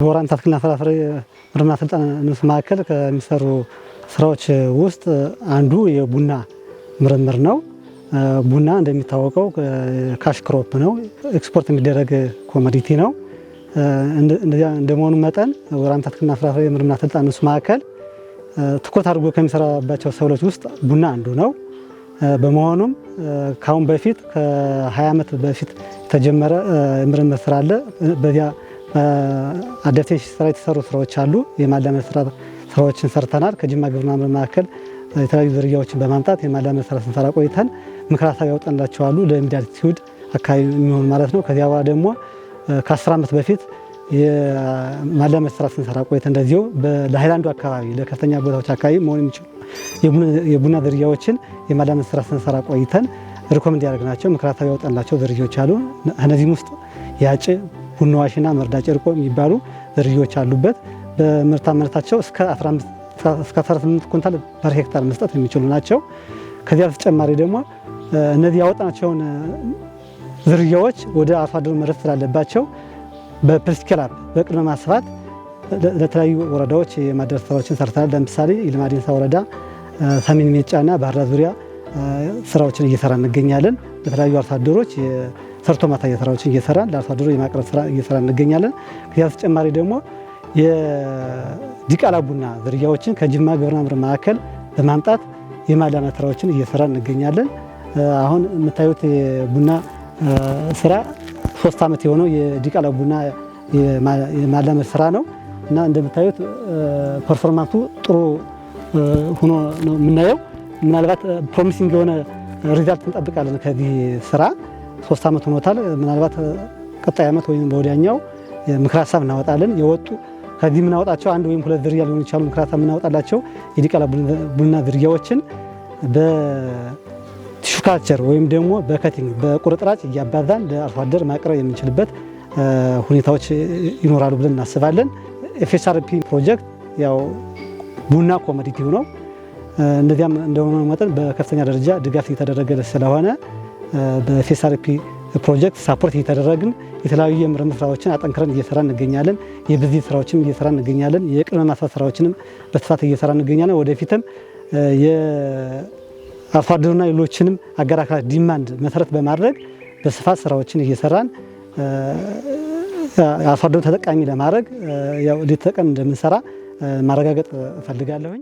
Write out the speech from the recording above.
በወራሚት አትክልትና ፍራፍሬ ምርምርና ስልጠና ንስ ማዕከል ከሚሰሩ ስራዎች ውስጥ አንዱ የቡና ምርምር ነው። ቡና እንደሚታወቀው ካሽ ክሮፕ ነው፣ ኤክስፖርት የሚደረግ ኮሞዲቲ ነው። እንደመሆኑ መጠን ወራሚት አትክልትና ፍራፍሬ ምርምርና ስልጠና ንስ ማዕከል ትኩረት አድርጎ ከሚሰራባቸው ሰብሎች ውስጥ ቡና አንዱ ነው። በመሆኑም ከአሁን በፊት ከ20 ዓመት በፊት የተጀመረ ምርምር ስራ አለ። አደፍቴሽን ስራ የተሰሩ ስራዎች አሉ። የማዳመ ስራ ስራዎችን ሰርተናል። ከጅማ ግብርና ምርምር የተለያዩ ዝርያዎችን በማምጣት የማዳመ ስራ ስንሰራ ቆይተን ምክረ ሀሳብ ያወጣንላቸዋሉ ሲውድ አካባቢ የሚሆን ማለት ነው። ከዚያ በኋላ ደግሞ ከአስር ዓመት በፊት የማዳመ ስራ ስንሰራ ቆይተን እንደዚሁ ለሃይላንዱ አካባቢ ለከፍተኛ ቦታዎች አካባቢ መሆን የሚችሉ የቡና ዝርያዎችን የማዳመ ስራ ስንሰራ ቆይተን ሪኮመንድ ናቸው ምክረ ሀሳብ ያውጠንላቸው ዝርያዎች አሉ። እነዚህም ውስጥ ያጭ ቡና መርዳ ጨርቆ የሚባሉ ዝርያዎች አሉበት። በምርታማነታቸው እስከ 18 ኩንታል ፐር ሄክታር መስጠት የሚችሉ ናቸው። ከዚያ በተጨማሪ ደግሞ እነዚህ ያወጣናቸውን ዝርያዎች ወደ አርሶ አደሩ መድረስ ስላለባቸው በፕሪስኬላፕ በቅድመ ማስፋት ለተለያዩ ወረዳዎች የማድረስ ስራዎችን ሰርተናል። ለምሳሌ ይልማ ወረዳ፣ ሰሜን ሜጫና ዳር ዙሪያ ስራዎችን እየሰራ እንገኛለን። ለተለያዩ አርሶ አደሮች ሰርቶ ማሳያ ስራዎችን እየሰራን ለአርሶ አደሩ የማቅረብ ስራ እየሰራ እንገኛለን። ከዚያ በተጨማሪ ደግሞ የዲቃላ ቡና ዝርያዎችን ከጅማ ግብርና ምርምር ማዕከል በማምጣት የማላማት ስራዎችን እየሰራ እንገኛለን። አሁን የምታዩት የቡና ስራ ሶስት ዓመት የሆነው የዲቃላ ቡና የማላመድ ስራ ነው እና እንደምታዩት ፐርፎርማንሱ ጥሩ ሆኖ ነው የምናየው። ምናልባት ፕሮሚሲንግ የሆነ ሪዛልት እንጠብቃለን ከዚህ ስራ ሶስት ዓመት ሆኖታል። ምናልባት ቀጣይ ዓመት ወይም በወዲያኛው ምክር ሀሳብ እናወጣለን። የወጡ ከዚህ የምናወጣቸው አንድ ወይም ሁለት ዝርያ ሊሆን ይችላሉ። ምክር ሀሳብ የምናወጣላቸው የዲቃላ ቡና ዝርያዎችን በቲሹ ካልቸር ወይም ደግሞ በከቲንግ በቁርጥራጭ እያባዛን ለአርሶ አደር ማቅረብ የምንችልበት ሁኔታዎች ይኖራሉ ብለን እናስባለን። ኤፍኤስአርፒ ፕሮጀክት ያው ቡና ኮሞዲቲው ነው። እንደዚያም እንደሆነ መጠን በከፍተኛ ደረጃ ድጋፍ እየተደረገ ስለሆነ በፌስአርፒ ፕሮጀክት ሳፖርት እየተደረግን የተለያዩ የምርምር ስራዎችን አጠንክረን እየሰራ እንገኛለን። የብዚህ ስራዎችም እየሰራ እንገኛለን። የቅድመ ማሳ ስራዎችንም በስፋት እየሰራ እንገኛለን። ወደፊትም የአርሶ አደሩና ሌሎችንም አጋር አካላት ዲማንድ መሰረት በማድረግ በስፋት ስራዎችን እየሰራን አርሶ አደሩን ተጠቃሚ ለማድረግ ሌት ተቀን እንደምንሰራ ማረጋገጥ እፈልጋለሁኝ።